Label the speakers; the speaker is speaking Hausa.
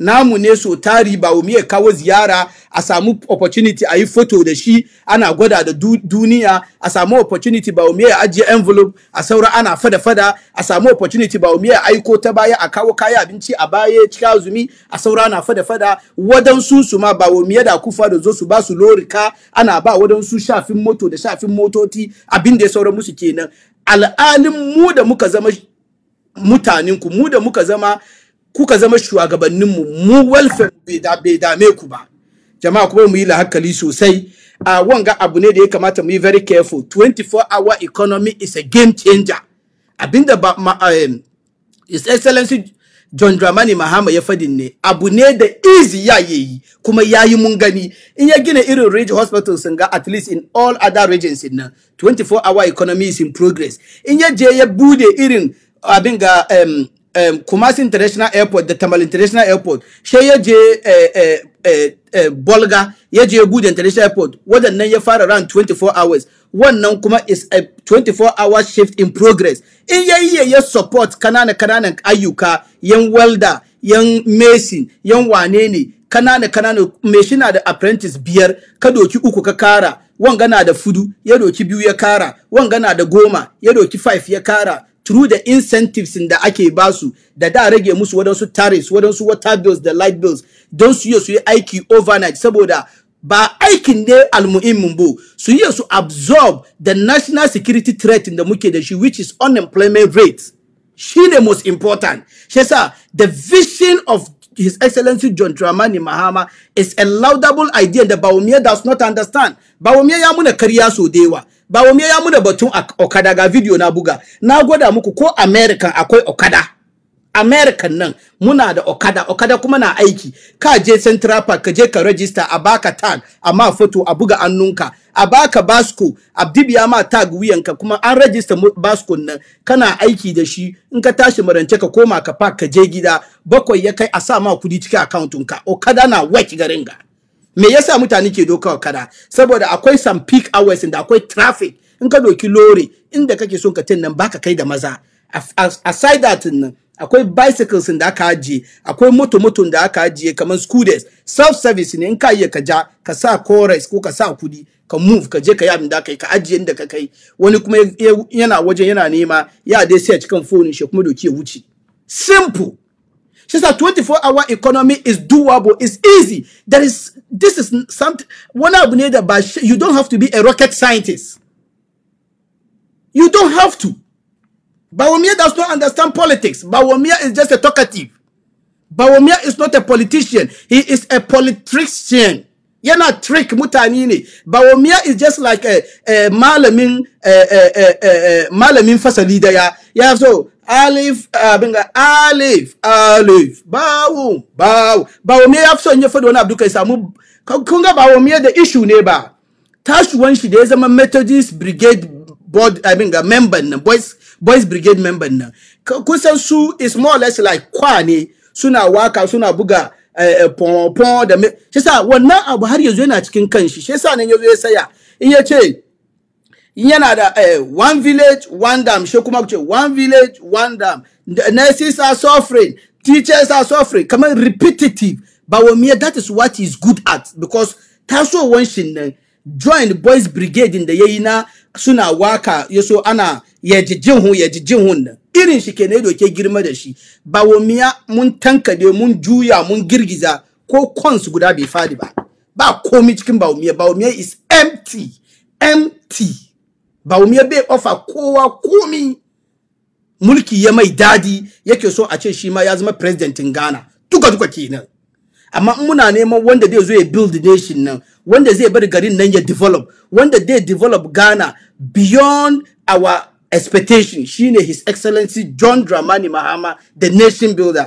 Speaker 1: namu ne so tari ba wumi ya kawo ziyara a samu opportunity a yi foto da shi ana gwada da duniya a samu opportunity ba wumi ya ajiye envelope a saura ana fada fada a samu opportunity ba wumi ya aiko ta baya a kawo kaya abinci a baya cika azumi. a saura ana fada fada wadansu su ma ba wumi ya da kufa da zo su ba su lorika ana ba wadansu shafin moto da shafin motoci abin da ya saura musu kenan al'alin mu da muka zama mutanenku, mu da muka zama kuka zama shugabanninmu mu mu welfare bai dame ku ba jama'a kuma mu yi lahakali sosai a wanga abu ne da ya kamata mu yi very careful 24 hour economy is a game changer abinda ba ma, um, his excellency John Dramani Mahama ya fadin ne abu ne da easy ya yi kuma ya yi mun gani in ya gina irin Ridge Hospital sun ga at least in all other regions in 24 hour economy is in progress in ya je ya bude irin abin ga um, Kumasi International Airport da Tamale International Airport sai ya je eh, eh, eh, eh Bolga ya je International Airport waɗannan ya fara ran 24 hours wannan kuma is a 24 hour shift in progress in ya ya support kanana kananan ayuka yan welder yan mason yan wanene ne kanana machine meshina da apprentice biyar ka doki uku ka kara wanga fudu ya doki biyu ya kara wanga na goma ya doki five ya kara through the incentives da ake basu da da rage musu wadansu tariffs wadansu water bills da light bills don su yi su yi aiki overnight saboda ba aikin ne almuhimmin bu su yi su absorb the national security threat da muke da shi which is unemployment rate shi ne most important shi the vision of His Excellency John Dramani Mahama is a laudable idea da baumia does not understand. baumia ya muna karya so da ba wa ya muna batun okada ga video na buga na gwada muku ko american akwai okada american nan muna da okada okada kuma na aiki ka je central park ka je ka register a baka tag amma foto a buga annunka a baka basco ya ma tag wuyanka kuma an register basco nan kana aiki da shi in ka tashi marance ka koma ka park ka je gida bakwai ya kai a sa ma kudi cikin account ka okada na wake garin ga me yasa mutane ke doka kada saboda akwai some peak hours da akwai traffic in ka doki lore inda kake son ka nan baka kai da maza aside that nan akwai bicycles da aka ajiye akwai moto moto da aka ajiye kamar scooters self-service ne in ka iya ka ja ka sa chorus ko ka sa kudi ka move ka je ka yi abin da ka ka ajiye inda ka kai wani kuma yana wajen yana nema ya dai sai a cikin phone shi kuma doki ya wuce simple the 24-hour economy is doable. It's easy. There is, this is something, one needed by you don't have to be a rocket scientist. You don't have to. Bawomia does not understand politics. Bawomia is just a talkative. Bawomia is not a politician. He is a politician. You're not trick mutanini. Bawomia is just like a, a malamin, a, a, a, a malamin fasal leader. Yeah, so alif eh, abin ga alif alif bawo bawo bawo me ya fi son ya faɗi wani abu kai samu kun ga bawo me da issue ne ba tashuwan shi da ya zama methodist brigade board abin ga member nan boys boys brigade member nan kusan su is more or less like kwa ne suna waka suna buga eh, eh, pon pon da me shi sa wannan abu har yanzu yana cikin kanshi shi sa nan yanzu ya saya in ya ce yana da eh, one village one dam shi kuma kuce one village one dam nurses are suffering teachers are suffering kamar repetitive ba wa miya that is what is good at because tasowar shi nan join boys brigade da yayi na suna waka yaso ana jijin hun jijin hun nan irin shi ke ne doke girma da shi ba wa miya mun tankade mun juya mun girgiza ko cons guda bai fadi ba ba komi cikin ba wa miya ba wa miya is empty empty Bawumiya bai ofa kowa komi mulki ya mai dadi yake so a ce shi ma ya zama presidentin Ghana duka duka kenan amma in muna neman wanda zai zo ya build nation nan wanda zai bar garin nan ya develop wanda zai develop Ghana beyond our expectation shine his excellency John Dramani Mahama the nation builder